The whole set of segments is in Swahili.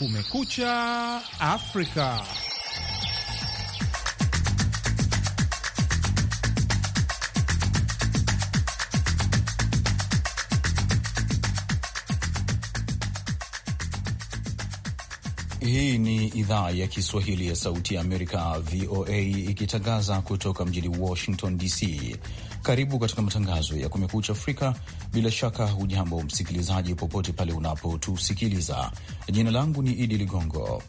Kumekucha Afrika. Hii ni idhaa ya Kiswahili ya Sauti ya Amerika, VOA, ikitangaza kutoka mjini Washington DC. Karibu katika matangazo ya Kumekucha Afrika bila shaka hujambo msikilizaji, popote pale unapotusikiliza. Jina langu ni Idi Ligongo,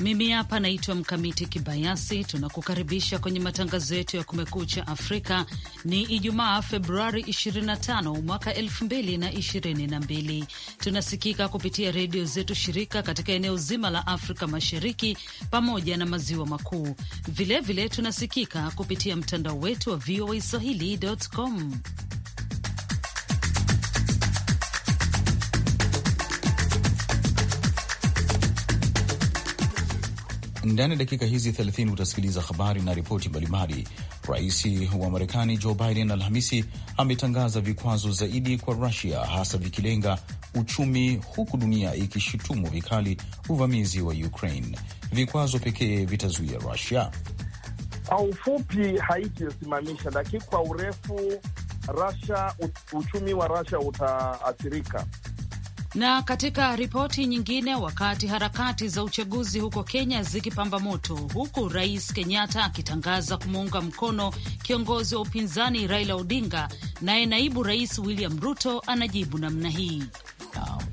mimi hapa naitwa Mkamiti Kibayasi. Tunakukaribisha kwenye matangazo yetu ya Kumekucha Afrika. Ni Ijumaa, Februari 25 mwaka 2022. Tunasikika kupitia redio zetu shirika katika eneo zima la Afrika Mashariki pamoja na Maziwa Makuu. Vilevile tunasikika kupitia mtandao wetu wa VOA Swahili.com. Ndani ya dakika hizi 30 utasikiliza habari na ripoti mbalimbali. Rais wa Marekani Joe Biden Alhamisi ametangaza vikwazo zaidi kwa Rusia, hasa vikilenga uchumi, huku dunia ikishutumu vikali uvamizi wa Ukraine. Vikwazo pekee vitazuia Rusia? Kwa ufupi haitasimamisha, lakini kwa urefu Russia, uchumi wa rusia utaathirika. Na katika ripoti nyingine, wakati harakati za uchaguzi huko Kenya zikipamba moto, huku Rais Kenyatta akitangaza kumuunga mkono kiongozi wa upinzani Raila Odinga, naye naibu rais William Ruto anajibu namna hii.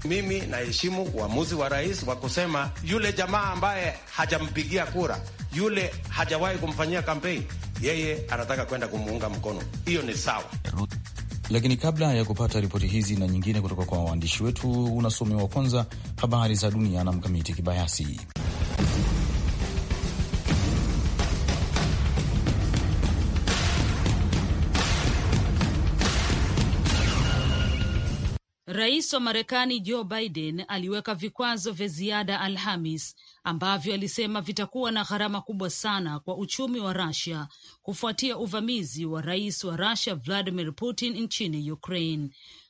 Mimi naheshimu uamuzi wa rais wa kusema yule jamaa ambaye hajampigia kura, yule hajawahi kumfanyia kampeni, yeye anataka kwenda kumuunga mkono. Hiyo ni sawa. Lakini kabla ya kupata ripoti hizi na nyingine kutoka kwa waandishi wetu, unasomewa kwanza habari za dunia na Mkamiti Kibayasi. Rais wa Marekani Joe Biden aliweka vikwazo vya ziada Alhamis ambavyo alisema vitakuwa na gharama kubwa sana kwa uchumi wa Russia kufuatia uvamizi wa rais wa Russia Vladimir Putin nchini Ukraine.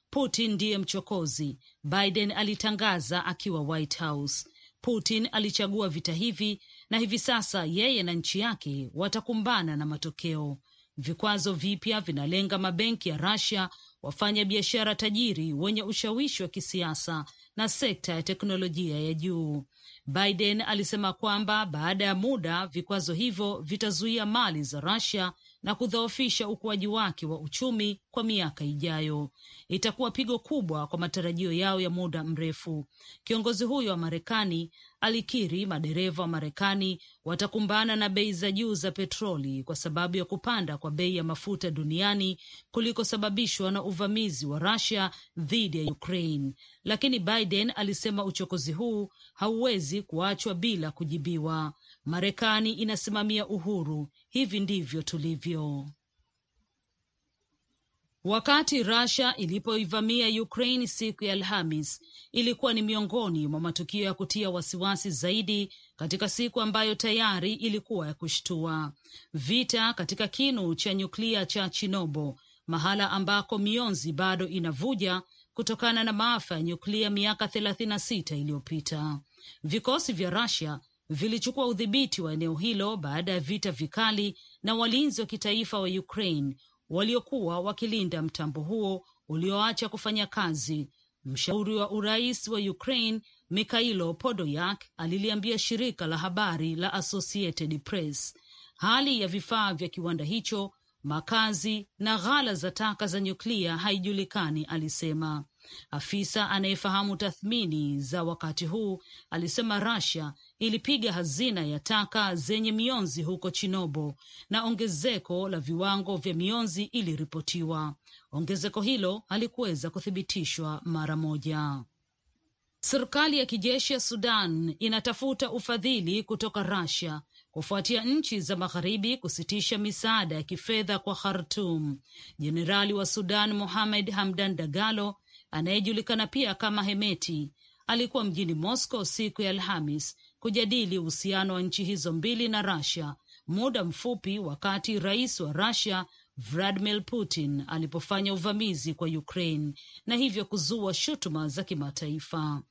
Putin ndiye mchokozi, Biden alitangaza akiwa White House. Putin alichagua vita hivi na hivi sasa yeye na nchi yake watakumbana na matokeo. Vikwazo vipya vinalenga mabenki ya Russia, wafanya biashara tajiri wenye ushawishi wa kisiasa na sekta ya teknolojia ya juu. Biden alisema kwamba baada ya muda vikwazo hivyo vitazuia mali za Russia na kudhoofisha ukuaji wake wa uchumi kwa miaka ijayo. Itakuwa pigo kubwa kwa matarajio yao ya muda mrefu. Kiongozi huyo wa Marekani alikiri madereva wa Marekani watakumbana na bei za juu za petroli kwa sababu ya kupanda kwa bei ya mafuta duniani kulikosababishwa na uvamizi wa rasia dhidi ya Ukraine, lakini Biden alisema uchokozi huu hauwezi kuachwa bila kujibiwa. Marekani inasimamia uhuru, hivi ndivyo tulivyo. Wakati Russia ilipoivamia Ukraine siku ya Alhamis, ilikuwa ni miongoni mwa matukio ya kutia wasiwasi zaidi katika siku ambayo tayari ilikuwa ya kushtua. Vita katika kinu cha nyuklia cha Chinobo, mahala ambako mionzi bado inavuja kutokana na maafa ya nyuklia miaka 36 iliyopita. Vikosi vya Russia vilichukua udhibiti wa eneo hilo baada ya vita vikali na walinzi wa kitaifa wa Ukraine waliokuwa wakilinda mtambo huo ulioacha kufanya kazi. Mshauri wa urais wa Ukraine Mikhailo Podolyak aliliambia shirika la habari la Associated Press hali ya vifaa vya kiwanda hicho, makazi na ghala za taka za nyuklia haijulikani, alisema. Afisa anayefahamu tathmini za wakati huu alisema Russia ilipiga hazina ya taka zenye mionzi huko Chinobo na ongezeko la viwango vya mionzi iliripotiwa. Ongezeko hilo halikuweza kuthibitishwa mara moja. Serikali ya kijeshi ya Sudan inatafuta ufadhili kutoka Russia kufuatia nchi za magharibi kusitisha misaada ya kifedha kwa Khartum. Jenerali wa Sudan Mohamed Hamdan Dagalo anayejulikana pia kama Hemeti alikuwa mjini Moscow siku ya Alhamis kujadili uhusiano wa nchi hizo mbili na Russia muda mfupi wakati rais wa Russia Vladimir Putin alipofanya uvamizi kwa Ukraine na hivyo kuzua shutuma za kimataifa.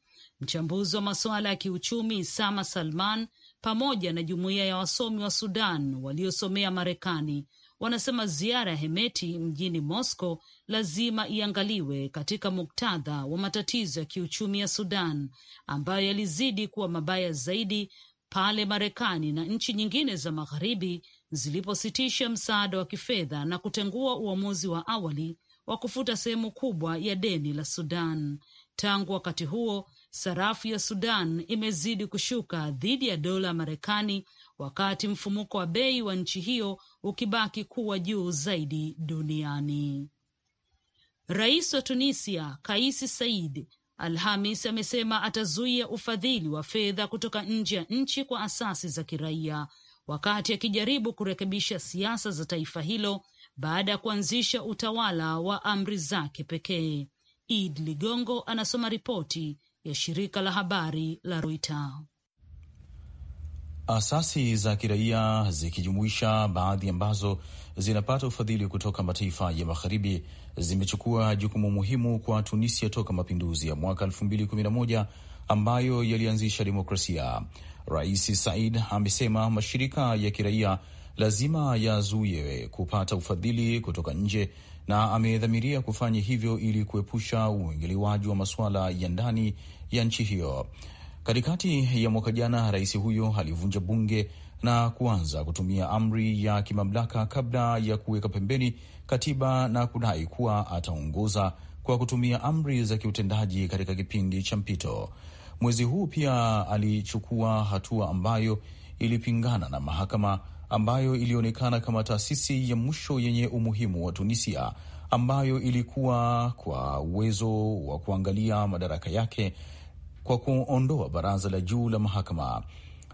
Mchambuzi wa masuala ya kiuchumi Sama Salman pamoja na jumuiya ya wasomi wa Sudan waliosomea Marekani wanasema ziara ya Hemeti mjini Moscow lazima iangaliwe katika muktadha wa matatizo ya kiuchumi ya Sudan ambayo yalizidi kuwa mabaya zaidi pale Marekani na nchi nyingine za magharibi zilipositisha msaada wa kifedha na kutengua uamuzi wa awali wa kufuta sehemu kubwa ya deni la Sudan. Tangu wakati huo sarafu ya Sudan imezidi kushuka dhidi ya dola ya Marekani, wakati mfumuko wa bei wa nchi hiyo ukibaki kuwa juu zaidi duniani. Rais wa Tunisia Kaisi Said Alhamis amesema atazuia ufadhili wa fedha kutoka nje ya nchi kwa asasi za kiraia wakati akijaribu kurekebisha siasa za taifa hilo baada ya kuanzisha utawala wa amri zake pekee. Id Ligongo anasoma ripoti ya shirika la habari la Reuters. Asasi za kiraia zikijumuisha baadhi ambazo zinapata ufadhili kutoka mataifa ya magharibi zimechukua jukumu muhimu kwa Tunisia toka mapinduzi ya mwaka 2011 ambayo yalianzisha demokrasia. Rais Said amesema mashirika ya kiraia lazima yazuiwe kupata ufadhili kutoka nje na amedhamiria kufanya hivyo ili kuepusha uingiliwaji wa masuala ya ndani ya nchi hiyo. Katikati ya mwaka jana, rais huyo alivunja bunge na kuanza kutumia amri ya kimamlaka kabla ya kuweka pembeni katiba na kudai kuwa ataongoza kwa kutumia amri za kiutendaji katika kipindi cha mpito. Mwezi huu pia alichukua hatua ambayo ilipingana na mahakama ambayo ilionekana kama taasisi ya mwisho yenye umuhimu wa Tunisia, ambayo ilikuwa kwa uwezo wa kuangalia madaraka yake kwa kuondoa baraza la juu la mahakama.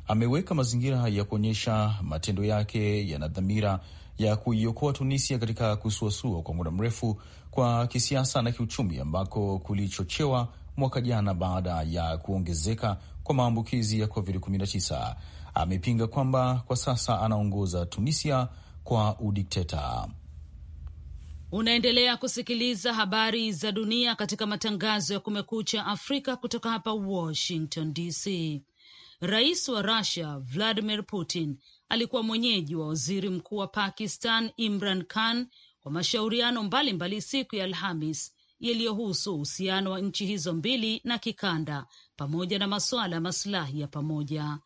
Ameweka mazingira ya kuonyesha matendo yake yana dhamira ya kuiokoa Tunisia katika kusuasua kwa muda mrefu kwa kisiasa na kiuchumi, ambako kulichochewa mwaka jana baada ya kuongezeka kwa maambukizi ya COVID-19 amepinga kwamba kwa sasa anaongoza Tunisia kwa udikteta. Unaendelea kusikiliza habari za dunia katika matangazo ya Kumekucha Afrika kutoka hapa Washington DC. Rais wa Rusia Vladimir Putin alikuwa mwenyeji wa waziri mkuu wa Pakistan Imran Khan kwa mashauriano mbalimbali siku ya Alhamis yaliyohusu uhusiano wa nchi hizo mbili na kikanda pamoja na masuala ya masilahi ya pamoja.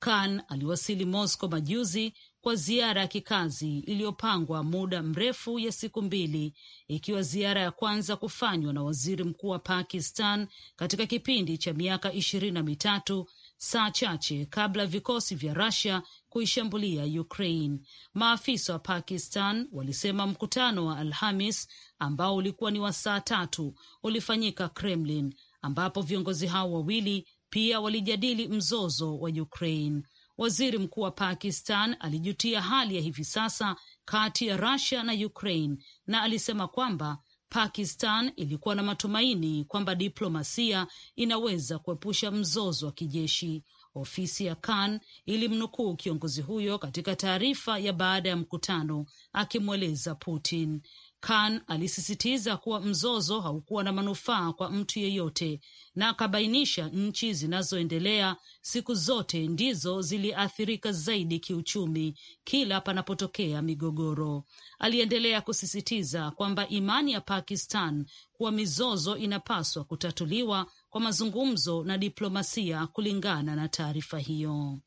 Khan aliwasili Moscow majuzi kwa ziara ya kikazi iliyopangwa muda mrefu ya siku mbili, ikiwa ziara ya kwanza kufanywa na waziri mkuu wa Pakistan katika kipindi cha miaka ishirini na mitatu, saa chache kabla ya vikosi vya Rusia kuishambulia Ukraine. Maafisa wa Pakistan walisema mkutano wa Alhamis ambao ulikuwa ni wa saa tatu ulifanyika Kremlin, ambapo viongozi hao wawili pia walijadili mzozo wa Ukraine. Waziri mkuu wa Pakistan alijutia hali ya hivi sasa kati ya Rusia na Ukraine na alisema kwamba Pakistan ilikuwa na matumaini kwamba diplomasia inaweza kuepusha mzozo wa kijeshi. Ofisi ya Khan ilimnukuu kiongozi huyo katika taarifa ya baada ya mkutano akimweleza Putin Khan alisisitiza kuwa mzozo haukuwa na manufaa kwa mtu yeyote na akabainisha nchi zinazoendelea siku zote ndizo ziliathirika zaidi kiuchumi kila panapotokea migogoro. Aliendelea kusisitiza kwamba imani ya Pakistan kuwa mizozo inapaswa kutatuliwa kwa mazungumzo na diplomasia, kulingana na taarifa hiyo.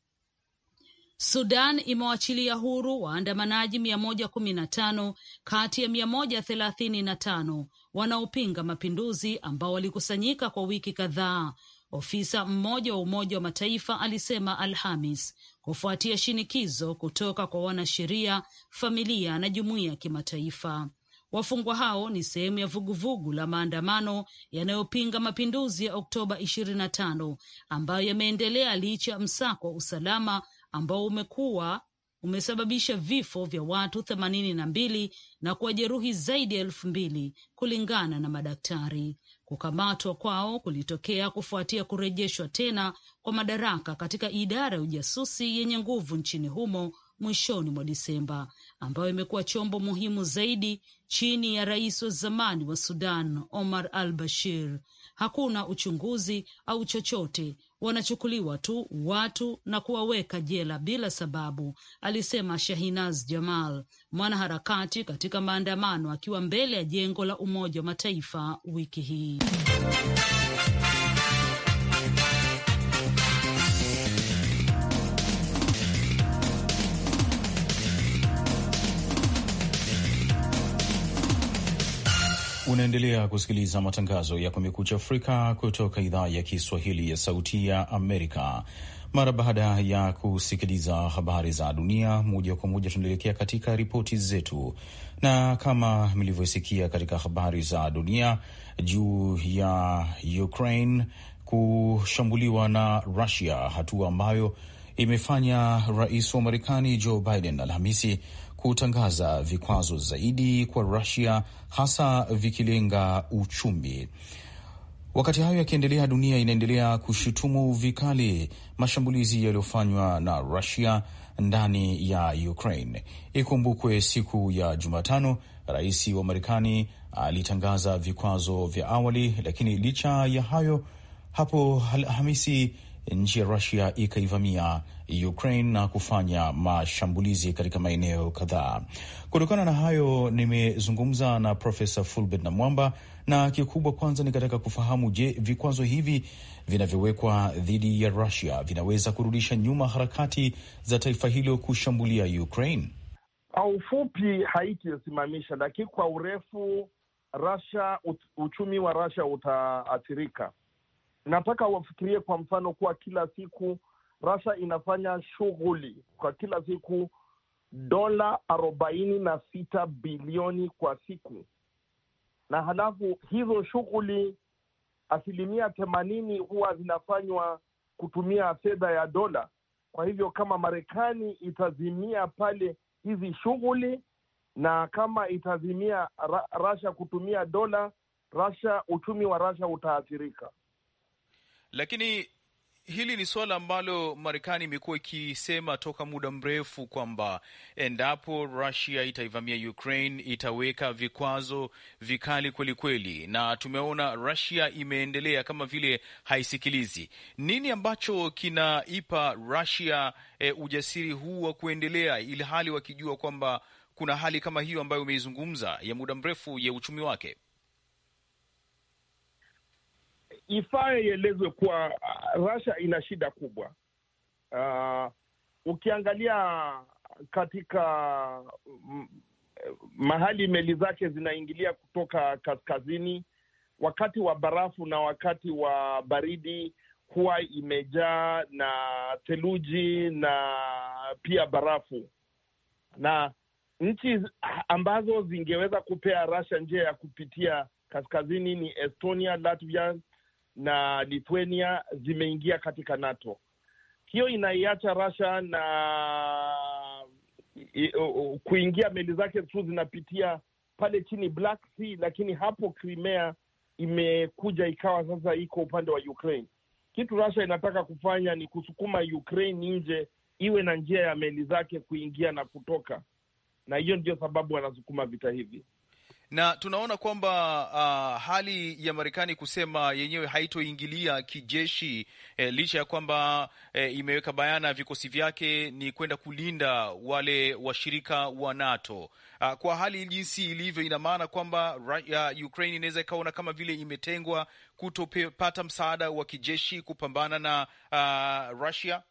Sudan imewachilia huru waandamanaji mia moja kumi na tano kati ya mia moja thelathini na tano wanaopinga mapinduzi ambao walikusanyika kwa wiki kadhaa, ofisa mmoja wa Umoja wa Mataifa alisema Alhamis, kufuatia shinikizo kutoka kwa wanasheria, familia na jumuiya ya kimataifa. Wafungwa hao ni sehemu ya vuguvugu la maandamano yanayopinga mapinduzi ya Oktoba 25 ambayo yameendelea licha ya msako wa usalama ambao umekuwa umesababisha vifo vya watu themanini na mbili na kuwajeruhi zaidi ya elfu mbili kulingana na madaktari. Kukamatwa kwao kulitokea kufuatia kurejeshwa tena kwa madaraka katika idara ya ujasusi yenye nguvu nchini humo mwishoni mwa Disemba, ambayo imekuwa chombo muhimu zaidi chini ya rais wa zamani wa Sudan Omar al Bashir. Hakuna uchunguzi au chochote wanachukuliwa tu watu na kuwaweka jela bila sababu, alisema Shahinaz Jamal, mwanaharakati katika maandamano, akiwa mbele ya jengo la Umoja wa Mataifa wiki hii. Unaendelea kusikiliza matangazo ya Kumekucha Afrika kutoka idhaa ya Kiswahili ya Sauti ya Amerika. Mara baada ya kusikiliza habari za dunia moja kwa moja, tunaelekea katika ripoti zetu, na kama mlivyosikia katika habari za dunia juu ya Ukraine kushambuliwa na Rusia, hatua ambayo imefanya rais wa Marekani Joe Biden Alhamisi kutangaza vikwazo zaidi kwa Rusia, hasa vikilenga uchumi. Wakati hayo yakiendelea, dunia inaendelea kushutumu vikali mashambulizi yaliyofanywa na Rusia ndani ya Ukraine. Ikumbukwe siku ya Jumatano, rais wa Marekani alitangaza vikwazo vya awali, lakini licha ya hayo hapo Alhamisi nchi ya Rusia ikaivamia Ukraine na kufanya mashambulizi katika maeneo kadhaa. Kutokana na hayo, nimezungumza na Profesa Fulbert na Mwamba, na kikubwa kwanza nikataka kufahamu, je, vikwazo hivi vinavyowekwa dhidi ya Rusia vinaweza kurudisha nyuma harakati za taifa hilo kushambulia Ukraine? Kwa ufupi, haitisimamisha, lakini kwa urefu Russia, uchumi wa Russia utaathirika nataka wafikirie kwa mfano kuwa kila siku rasha inafanya shughuli kwa kila siku dola arobaini na sita bilioni kwa siku, na halafu hizo shughuli asilimia themanini huwa zinafanywa kutumia fedha ya dola. Kwa hivyo kama Marekani itazimia pale hizi shughuli na kama itazimia Rasha kutumia dola, Rasha uchumi wa Rasha utaathirika lakini hili ni suala ambalo Marekani imekuwa ikisema toka muda mrefu kwamba endapo Rusia itaivamia Ukraine itaweka vikwazo vikali kwelikweli, na tumeona Rusia imeendelea kama vile haisikilizi. Nini ambacho kinaipa Rusia e, ujasiri huu wa kuendelea, ili hali wakijua kwamba kuna hali kama hiyo ambayo umeizungumza ya muda mrefu ya uchumi wake? ifaa ielezwe kuwa uh, Russia ina shida kubwa. Uh, ukiangalia katika mm, mahali meli zake zinaingilia kutoka kaskazini wakati wa barafu na wakati wa baridi huwa imejaa na theluji na pia barafu, na nchi ambazo zingeweza kupea Russia njia ya kupitia kaskazini ni Estonia, Latvia, na Lithuania zimeingia katika NATO. Hiyo inaiacha Russia na kuingia meli zake tu zinapitia pale chini Black Sea, lakini hapo Crimea imekuja ikawa sasa iko upande wa Ukraine. Kitu Russia inataka kufanya ni kusukuma Ukraine nje, iwe na njia ya meli zake kuingia na kutoka, na hiyo ndio sababu wanasukuma vita hivi na tunaona kwamba uh, hali ya Marekani kusema yenyewe haitoingilia kijeshi eh, licha ya kwamba eh, imeweka bayana vikosi vyake ni kwenda kulinda wale washirika wa NATO. Uh, kwa hali jinsi ilivyo, ina maana kwamba uh, Ukraine inaweza ikaona kama vile imetengwa kutopata msaada wa kijeshi kupambana na uh, Russia.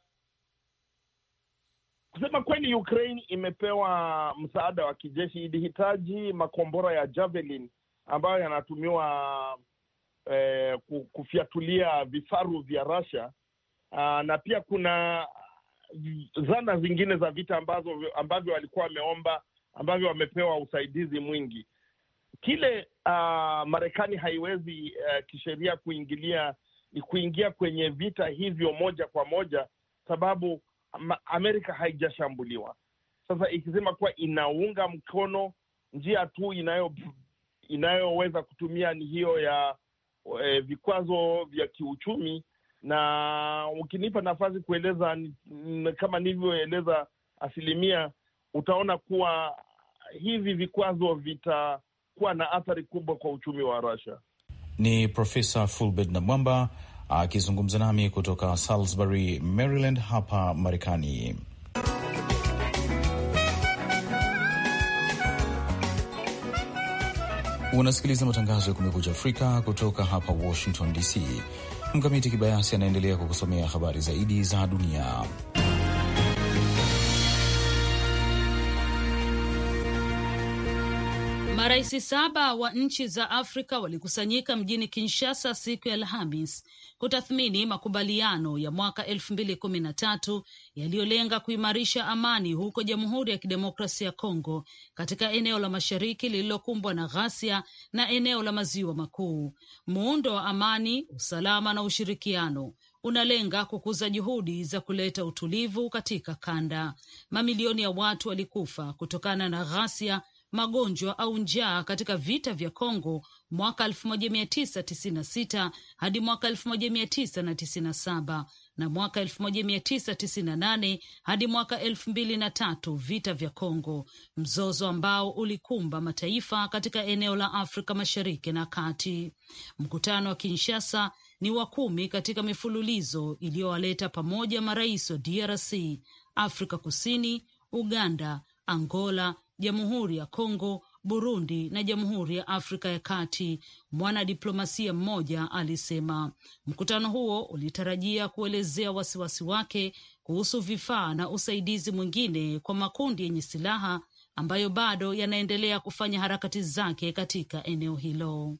Kusema kweli, Ukraine imepewa msaada wa kijeshi, ilihitaji makombora ya Javelin ambayo yanatumiwa eh, kufyatulia vifaru vya Russia. ah, na pia kuna zana zingine za vita ambazo ambavyo walikuwa wameomba ambavyo wamepewa usaidizi mwingi. Kile uh, Marekani haiwezi uh, kisheria kuingilia ni kuingia kwenye vita hivyo moja kwa moja, sababu Amerika haijashambuliwa. Sasa ikisema kuwa inaunga mkono, njia tu inayo inayoweza kutumia ni hiyo ya e, vikwazo vya kiuchumi. Na ukinipa nafasi kueleza n, kama nilivyoeleza asilimia, utaona kuwa hivi vikwazo vitakuwa na athari kubwa kwa uchumi wa Russia. Ni Profesa Fulbert Namwamba akizungumza nami kutoka Salisbury, Maryland hapa Marekani. Unasikiliza matangazo ya Kumekucha Afrika kutoka hapa Washington DC. Mkamiti Kibayasi anaendelea kukusomea habari zaidi za dunia. Marais saba wa nchi za Afrika walikusanyika mjini Kinshasa siku ya Alhamis kutathmini makubaliano ya mwaka elfu mbili kumi na tatu yaliyolenga kuimarisha amani huko Jamhuri ya Kidemokrasia ya Kongo, katika eneo la mashariki lililokumbwa na ghasia na eneo la maziwa makuu. Muundo wa amani, usalama na ushirikiano unalenga kukuza juhudi za kuleta utulivu katika kanda. Mamilioni ya watu walikufa kutokana na ghasia magonjwa au njaa katika vita vya Kongo mwaka 1996 hadi mwaka 1997 na mwaka 1998 hadi mwaka 2003 vita vya Kongo, mzozo ambao ulikumba mataifa katika eneo la Afrika Mashariki na Kati. Mkutano wa Kinshasa ni wa kumi katika mifululizo iliyowaleta pamoja marais wa DRC, Afrika Kusini, Uganda, Angola, Jamhuri ya Kongo, Burundi na Jamhuri ya Afrika ya Kati. Mwanadiplomasia mmoja alisema mkutano huo ulitarajia kuelezea wasiwasi wake kuhusu vifaa na usaidizi mwingine kwa makundi yenye silaha ambayo bado yanaendelea kufanya harakati zake katika eneo hilo.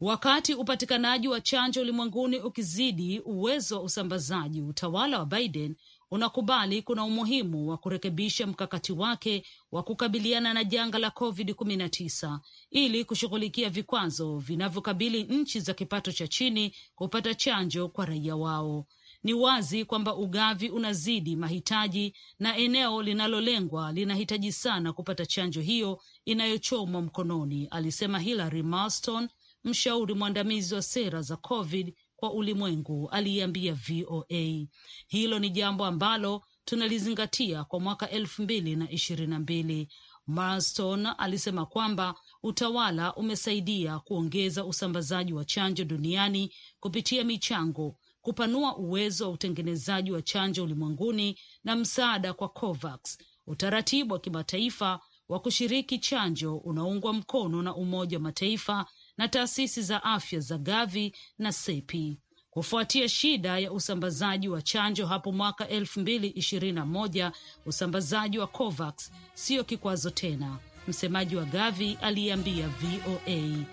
Wakati upatikanaji wa chanjo ulimwenguni ukizidi uwezo wa usambazaji, utawala wa Biden unakubali kuna umuhimu wa kurekebisha mkakati wake wa kukabiliana na janga la COVID-19 ili kushughulikia vikwazo vinavyokabili nchi za kipato cha chini kupata chanjo kwa raia wao. Ni wazi kwamba ugavi unazidi mahitaji na eneo linalolengwa linahitaji sana kupata chanjo hiyo inayochomwa mkononi, alisema Hilary Marston, mshauri mwandamizi wa sera za COVID wa ulimwengu aliiambia VOA. Hilo ni jambo ambalo tunalizingatia kwa mwaka elfu mbili na ishirini na mbili. Marston alisema kwamba utawala umesaidia kuongeza usambazaji wa chanjo duniani kupitia michango, kupanua uwezo wa utengenezaji wa chanjo ulimwenguni na msaada kwa COVAX, utaratibu wa kimataifa wa kushiriki chanjo unaungwa mkono na Umoja wa Mataifa na taasisi za afya za Gavi na Sepi kufuatia shida ya usambazaji wa chanjo hapo mwaka 221 Usambazaji wa COVAX siyo kikwazo tena, msemaji wa Gavi aliyeambia VOA.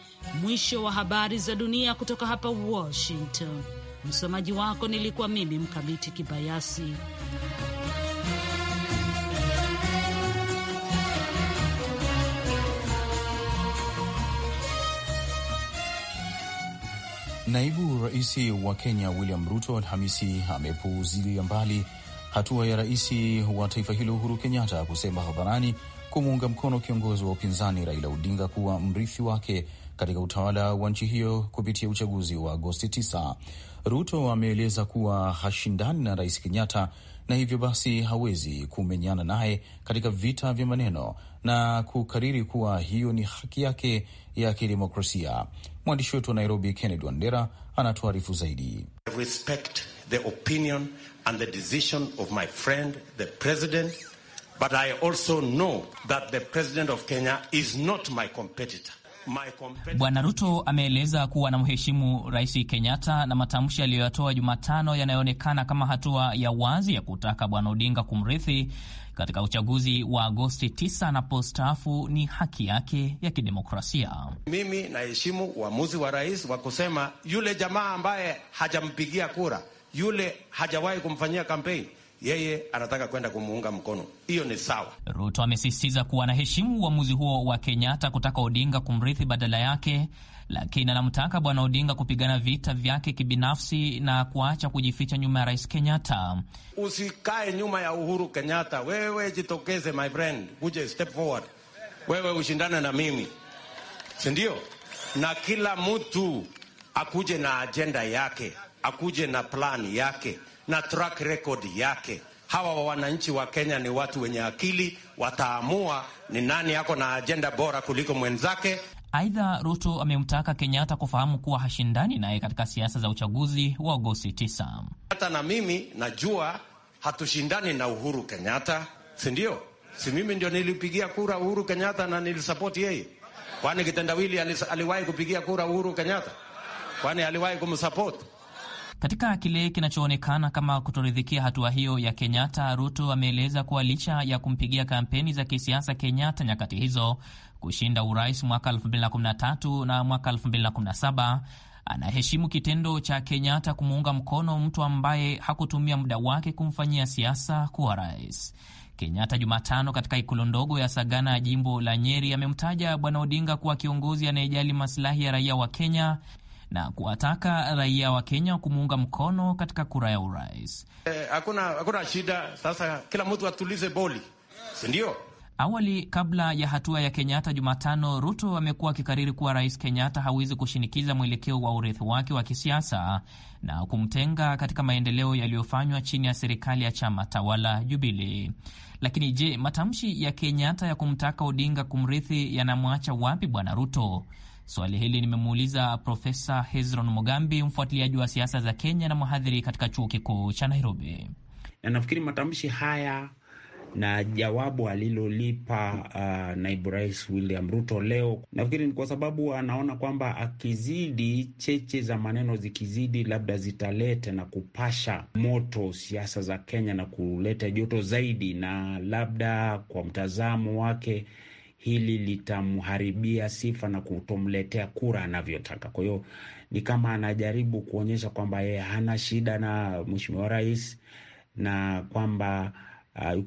Mwisho wa habari za dunia kutoka hapa Washington. Msomaji wako nilikuwa mimi Mkamiti Kibayasi. Naibu rais wa Kenya William Ruto Alhamisi amepuuzilia mbali hatua ya rais wa taifa hilo Uhuru Kenyatta kusema hadharani kumuunga mkono kiongozi wa upinzani Raila Odinga kuwa mrithi wake katika utawala wa nchi hiyo kupitia uchaguzi wa Agosti 9. Ruto ameeleza kuwa hashindani na rais Kenyatta na hivyo basi hawezi kumenyana naye katika vita vya maneno na kukariri kuwa hiyo ni haki yake ya kidemokrasia. Mwandishi wetu wa Nairobi, Kennedy Wandera, anatuarifu zaidi. Respect the opinion and the decision of my friend the president but I also know that the president of Kenya is not my competitor. Bwana Ruto ameeleza kuwa anamheshimu Rais Kenyatta na matamshi aliyoyatoa Jumatano yanayoonekana kama hatua ya wazi ya kutaka Bwana Odinga kumrithi katika uchaguzi wa Agosti 9 anapostaafu ni haki yake ya kidemokrasia. Mimi naheshimu uamuzi wa rais wa kusema yule jamaa ambaye hajampigia kura, yule hajawahi kumfanyia kampeni yeye anataka kwenda kumuunga mkono, hiyo ni sawa. Ruto amesisitiza kuwa anaheshimu uamuzi huo wa Kenyatta kutaka Odinga kumrithi badala yake, lakini anamtaka Bwana Odinga kupigana vita vyake kibinafsi na kuacha kujificha nyuma ya Rais Kenyatta. Usikae nyuma ya Uhuru Kenyatta, wewe jitokeze, my friend, uje step forward, wewe ushindane na mimi, sindio? Na kila mtu akuje na ajenda yake, akuje na plani yake na track record yake. Hawa wananchi wa Kenya ni watu wenye akili, wataamua ni nani yako na ajenda bora kuliko mwenzake. Aidha, Ruto amemtaka Kenyatta kufahamu kuwa hashindani naye katika siasa za uchaguzi wa Agosti 9. Hata na mimi najua hatushindani na Uhuru Kenyatta, si ndio? Si mimi ndio nilipigia kura Uhuru Kenyatta na nilisapoti yeye? Kwani kitendawili aliwahi kupigia kura Uhuru Kenyatta? Kwani aliwahi kumsapoti? Katika kile kinachoonekana kama kutoridhikia hatua hiyo ya Kenyatta, Ruto ameeleza kuwa licha ya kumpigia kampeni za kisiasa Kenyatta nyakati hizo kushinda urais mwaka 2013 na mwaka 2017 anaheshimu kitendo cha Kenyatta kumuunga mkono mtu ambaye hakutumia muda wake kumfanyia siasa kuwa rais. Kenyatta Jumatano katika ikulu ndogo ya Sagana ya jimbo la Nyeri amemtaja Bwana Odinga kuwa kiongozi anayejali masilahi ya raia wa Kenya na kuwataka raia wa Kenya kumuunga mkono katika kura ya urais. Eh, hakuna eh, shida. Sasa kila mtu atulize boli, sindio? Awali, kabla ya hatua ya Kenyatta Jumatano, Ruto amekuwa akikariri kuwa rais Kenyatta hawezi kushinikiza mwelekeo wa urithi wake wa kisiasa na kumtenga katika maendeleo yaliyofanywa chini ya serikali ya chama tawala Jubilee. Lakini je, matamshi ya Kenyatta ya kumtaka Odinga kumrithi yanamwacha wapi Bwana Ruto? Swali hili nimemuuliza Profesa Hezron Mogambi, mfuatiliaji wa siasa za Kenya na mhadhiri katika chuo kikuu cha Nairobi. Na nafikiri matamshi haya na jawabu alilolipa uh, naibu rais William Ruto leo, nafikiri ni kwa sababu anaona kwamba akizidi, cheche za maneno zikizidi, labda zitaleta na kupasha moto siasa za Kenya na kuleta joto zaidi, na labda kwa mtazamo wake hili litamharibia sifa na kutomletea kura anavyotaka. Kwa hiyo ni kama anajaribu kuonyesha kwamba yeye hana shida na mheshimiwa rais na kwamba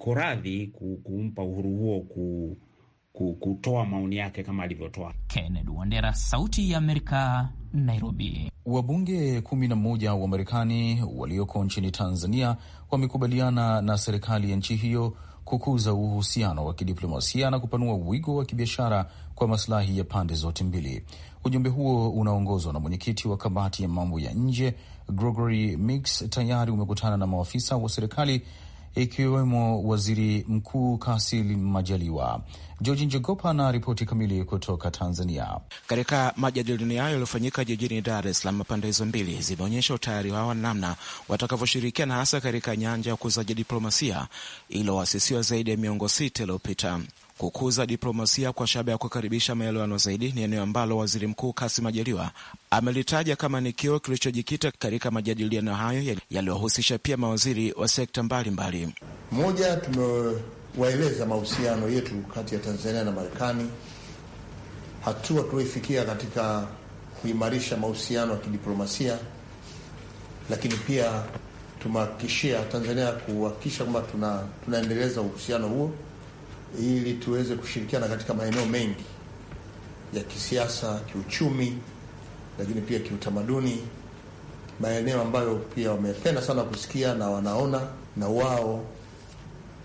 uh, radhi kumpa uhuru huo ku, ku, kutoa maoni yake kama alivyotoa. Kennedy Wandera, Sauti ya Amerika, Nairobi. Wabunge kumi na mmoja wa Marekani walioko nchini Tanzania wamekubaliana na serikali ya nchi hiyo kukuza uhusiano wa kidiplomasia na kupanua wigo wa kibiashara kwa masilahi ya pande zote mbili. Ujumbe huo unaongozwa na mwenyekiti wa kamati ya mambo ya nje Gregory Mix tayari umekutana na maafisa wa serikali ikiwemo waziri mkuu kasim Majaliwa. Georgi Njogopa na ripoti kamili kutoka Tanzania. Katika majadiliano yayo yaliyofanyika jijini Dar es Salaam, pande hizo mbili zimeonyesha utayari wao namna watakavyoshirikiana hasa katika nyanja ya kuzaji diplomasia iliyoasisiwa zaidi ya miongo sita iliyopita. Kukuza diplomasia kwa shabaha ya kukaribisha maelewano zaidi ni eneo ambalo waziri mkuu Kassim Majaliwa amelitaja kama ni kio kilichojikita katika majadiliano hayo yaliyohusisha pia mawaziri wa sekta mbalimbali. Moja, tumewaeleza mahusiano yetu kati ya Tanzania na Marekani, hatua tulioifikia katika kuimarisha mahusiano ya kidiplomasia, lakini pia tumehakikishia Tanzania kuhakikisha kwamba tuna, tunaendeleza uhusiano huo ili tuweze kushirikiana katika maeneo mengi ya kisiasa, kiuchumi, lakini pia kiutamaduni, maeneo ambayo pia wamependa sana kusikia na wanaona na wao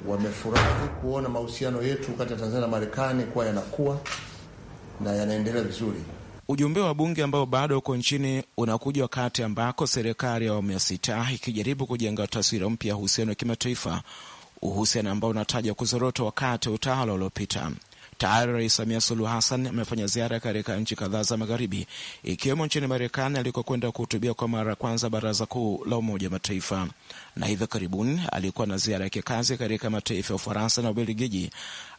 wamefurahi kuona mahusiano yetu kati ya Tanzania na Marekani kuwa yanakuwa na yanaendelea vizuri. Ujumbe wa bunge ambao bado uko nchini unakuja wakati ambako serikali ya awamu ya sita ikijaribu kujenga taswira mpya ya uhusiano wa kimataifa uhusiano ambao unataja kuzorota wakati wa utawala uliopita. Tayari Rais Samia Suluhu Hassan amefanya ziara katika nchi kadhaa za Magharibi, ikiwemo nchini Marekani alikokwenda kuhutubia kwa mara ya kwanza Baraza Kuu la Umoja wa Mataifa, na hivi karibuni alikuwa na ziara ya kikazi katika mataifa ya Ufaransa na Ubelgiji,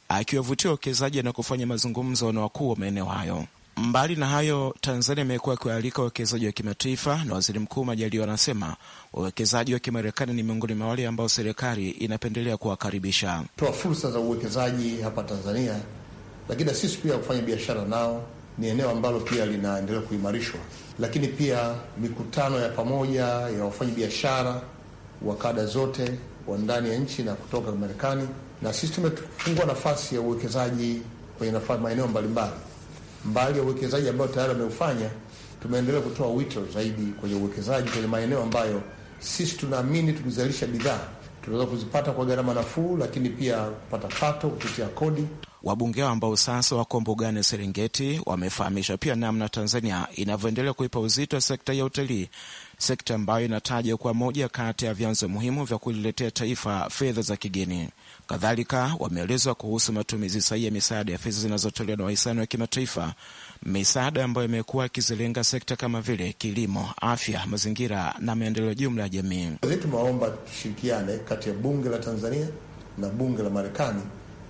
akiwavutia wawekezaji na kufanya mazungumzo na wakuu wa maeneo hayo. Mbali na hayo, Tanzania imekuwa ikiwaalika wawekezaji wa kimataifa, na waziri mkuu Majaliwa anasema wawekezaji wa Kimarekani ni miongoni mwa wale ambao serikali inapendelea kuwakaribisha, toa fursa za uwekezaji hapa Tanzania, lakini na sisi pia kufanya biashara nao. Ni eneo ambalo pia linaendelea kuimarishwa, lakini pia mikutano ya pamoja ya wafanyabiashara wa kada zote wa ndani ya nchi na kutoka Marekani, na sisi tumefungua nafasi ya uwekezaji kwenye maeneo mbalimbali mbali ya uwekezaji ambao tayari wameufanya, tumeendelea kutoa wito zaidi kwenye uwekezaji kwenye maeneo ambayo sisi tunaamini tukizalisha bidhaa tunaweza kuzipata kwa gharama nafuu, lakini pia kupata pato kupitia kodi. Wabunge hao ambao sasa wako mbugani Serengeti wamefahamisha pia namna Tanzania inavyoendelea kuipa uzito sekta ya utalii, sekta ambayo inataja kuwa moja kati ya vyanzo muhimu vya kuliletea taifa fedha za kigeni. Kadhalika wameelezwa kuhusu matumizi sahihi ya misaada ya fedha zinazotolewa na wahisani wa kimataifa, misaada ambayo imekuwa ikizilenga sekta kama vile kilimo, afya, mazingira na maendeleo jumla ya jamii. Tumewaomba tushirikiane kati ya bunge la Tanzania na bunge la Marekani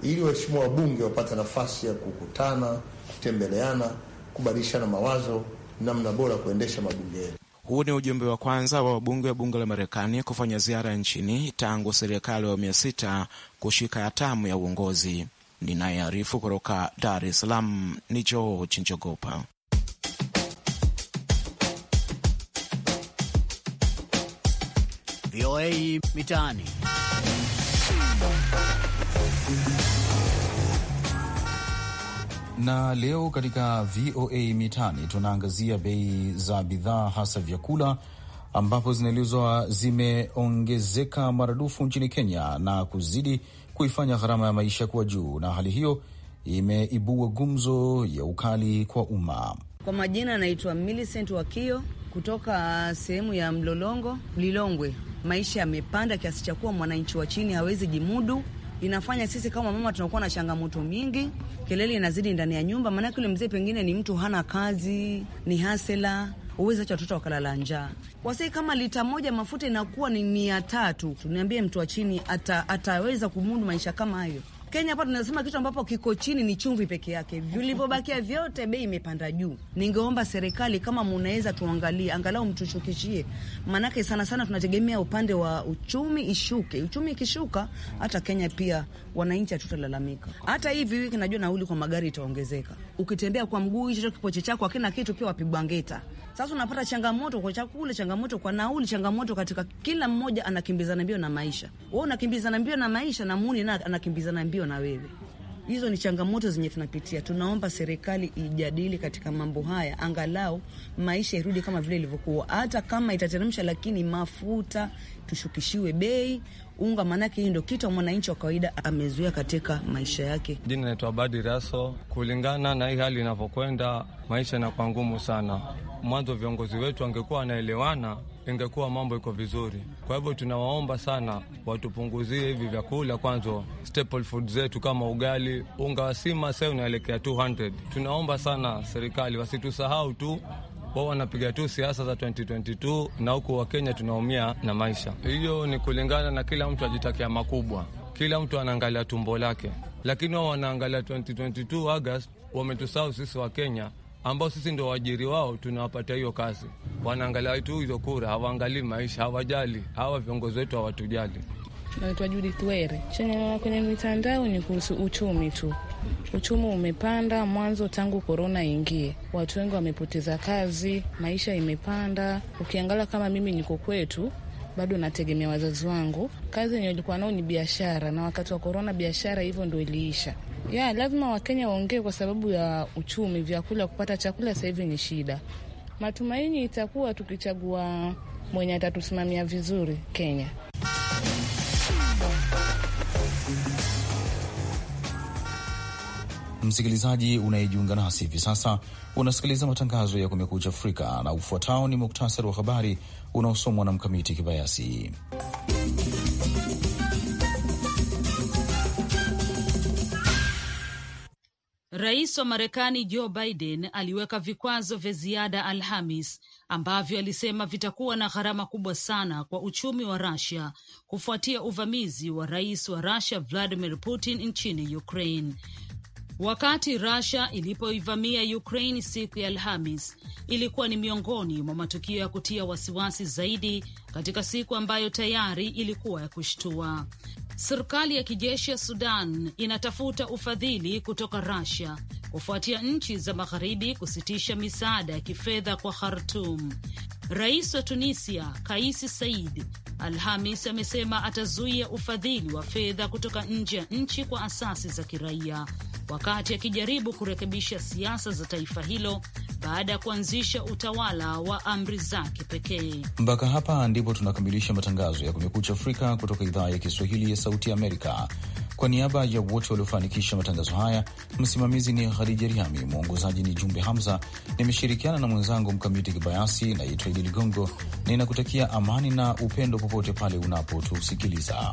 ili waheshimiwa wabunge wapate nafasi ya kukutana, kutembeleana, kubadilishana mawazo namna bora kuendesha mabunge yetu. Huu ni ujumbe wa kwanza wa wabunge wa bunge la Marekani kufanya ziara nchini tangu serikali ya awamu ya sita kushika hatamu ya uongozi. Ninayearifu kutoka Dar es Salaam ni George Njogopa. VOA Mitaani. na leo katika VOA mitani tunaangazia bei za bidhaa hasa vyakula ambapo zinaelezwa zimeongezeka maradufu nchini Kenya na kuzidi kuifanya gharama ya maisha kuwa juu, na hali hiyo imeibua gumzo ya ukali kwa umma. Kwa majina anaitwa Millicent Wakio kutoka sehemu ya Mlolongo, Lilongwe. Maisha yamepanda kiasi cha kuwa mwananchi wa chini hawezi jimudu inafanya sisi kama mama tunakuwa na changamoto mingi, kelele inazidi ndani ya nyumba, maanake ule mzee pengine ni mtu hana kazi, ni hasela uwezi acha watoto wakalala njaa. Wasai kama lita moja mafuta inakuwa ni mia tatu. Tuniambie mtu wa chini ata, ataweza kumudu maisha kama hayo? Kenya hapa tunasema kitu ambapo kiko chini ni chumvi peke yake, vilivyobakia vyote bei imepanda juu. Ningeomba serikali kama munaweza, tuangalie angalau mtushukishie, maanake sana sana tunategemea upande wa uchumi ishuke. Uchumi ikishuka, hata Kenya pia wananchi hatutalalamika. Hata hivi wiki najua nauli kwa magari itaongezeka, ukitembea kwa mguu hicho kipoche chako akina kitu pia wapigwangeta sasa unapata changamoto kwa chakula, changamoto kwa nauli, changamoto katika kila mmoja anakimbizana mbio na maisha. Wewe unakimbizana mbio na maisha na muni na anakimbizana mbio na wewe. Hizo ni changamoto zenye tunapitia. Tunaomba serikali ijadili katika mambo haya, angalau maisha irudi kama vile ilivyokuwa, hata kama itateremsha, lakini mafuta tushukishiwe bei, unga, maanake hii ndo kitu mwananchi wa kawaida amezuia katika maisha yake. Jina naitwa Badi Raso. Kulingana na hii hali inavyokwenda, maisha inakuwa ngumu sana mwanzo viongozi wetu angekuwa anaelewana, ingekuwa mambo iko vizuri. Kwa hivyo tunawaomba sana watupunguzie hivi vyakula kwanza, staple food zetu kama ugali, unga wa sima sasa unaelekea 200. Tunaomba sana serikali wasitusahau tu wao wanapiga tu siasa za 2022 na huku Wakenya tunaumia na maisha. Hiyo ni kulingana na kila mtu ajitakia makubwa, kila mtu anaangalia tumbo lake, lakini wao wanaangalia 2022 August, wametusahau sisi Wakenya ambao sisi ndio waajiri wao, tunawapatia hiyo kazi. Wanaangalia tu hizo kura, hawaangalii maisha, hawajali. Hawa viongozi wetu hawatujali. Naitwa Judith Were. Chenye kwenye mitandao ni kuhusu uchumi tu. Uchumi umepanda mwanzo, tangu korona ingie, watu wengi wamepoteza kazi, maisha imepanda. Ukiangalia kama mimi niko kwetu bado nategemea wazazi wangu. Kazi yenye nao ni biashara, na wakati wa korona biashara hivyo ndo iliisha ya lazima Wakenya waongee kwa sababu ya uchumi, vyakula, kupata chakula sasa hivi ni shida. Matumaini itakuwa tukichagua mwenye atatusimamia vizuri Kenya. Msikilizaji unayejiunga nasi hivi sasa, unasikiliza matangazo ya Kumekucha Afrika, na ufuatao ni muktasari wa habari unaosomwa na Mkamiti Kibayasi. Rais wa Marekani Joe Biden aliweka vikwazo vya ziada Alhamis ambavyo alisema vitakuwa na gharama kubwa sana kwa uchumi wa rasia kufuatia uvamizi wa rais wa rasia Vladimir Putin nchini Ukraine. Wakati Russia ilipoivamia Ukraine siku ya Alhamis, ilikuwa ni miongoni mwa matukio ya kutia wasiwasi zaidi katika siku ambayo tayari ilikuwa ya kushtua. Serikali ya kijeshi ya Sudan inatafuta ufadhili kutoka rasia kufuatia nchi za magharibi kusitisha misaada ya kifedha kwa Khartum. Rais wa Tunisia Kaisi Saidi Alhamis amesema atazuia ufadhili wa fedha kutoka nje ya nchi kwa asasi za kiraia, wakati akijaribu kurekebisha siasa za taifa hilo baada ya kuanzisha utawala wa amri zake pekee. Mpaka hapa ndipo tunakamilisha matangazo ya Kumekucha Afrika kutoka idhaa ya Kiswahili ya Sauti Amerika. Kwa niaba ya wote waliofanikisha matangazo haya, msimamizi ni Khadija Riami, mwongozaji ni Jumbe Hamza. Nimeshirikiana na mwenzangu Mkamiti Kibayasi. Naitwa Idi Ligongo, ninakutakia amani na upendo popote pale unapotusikiliza.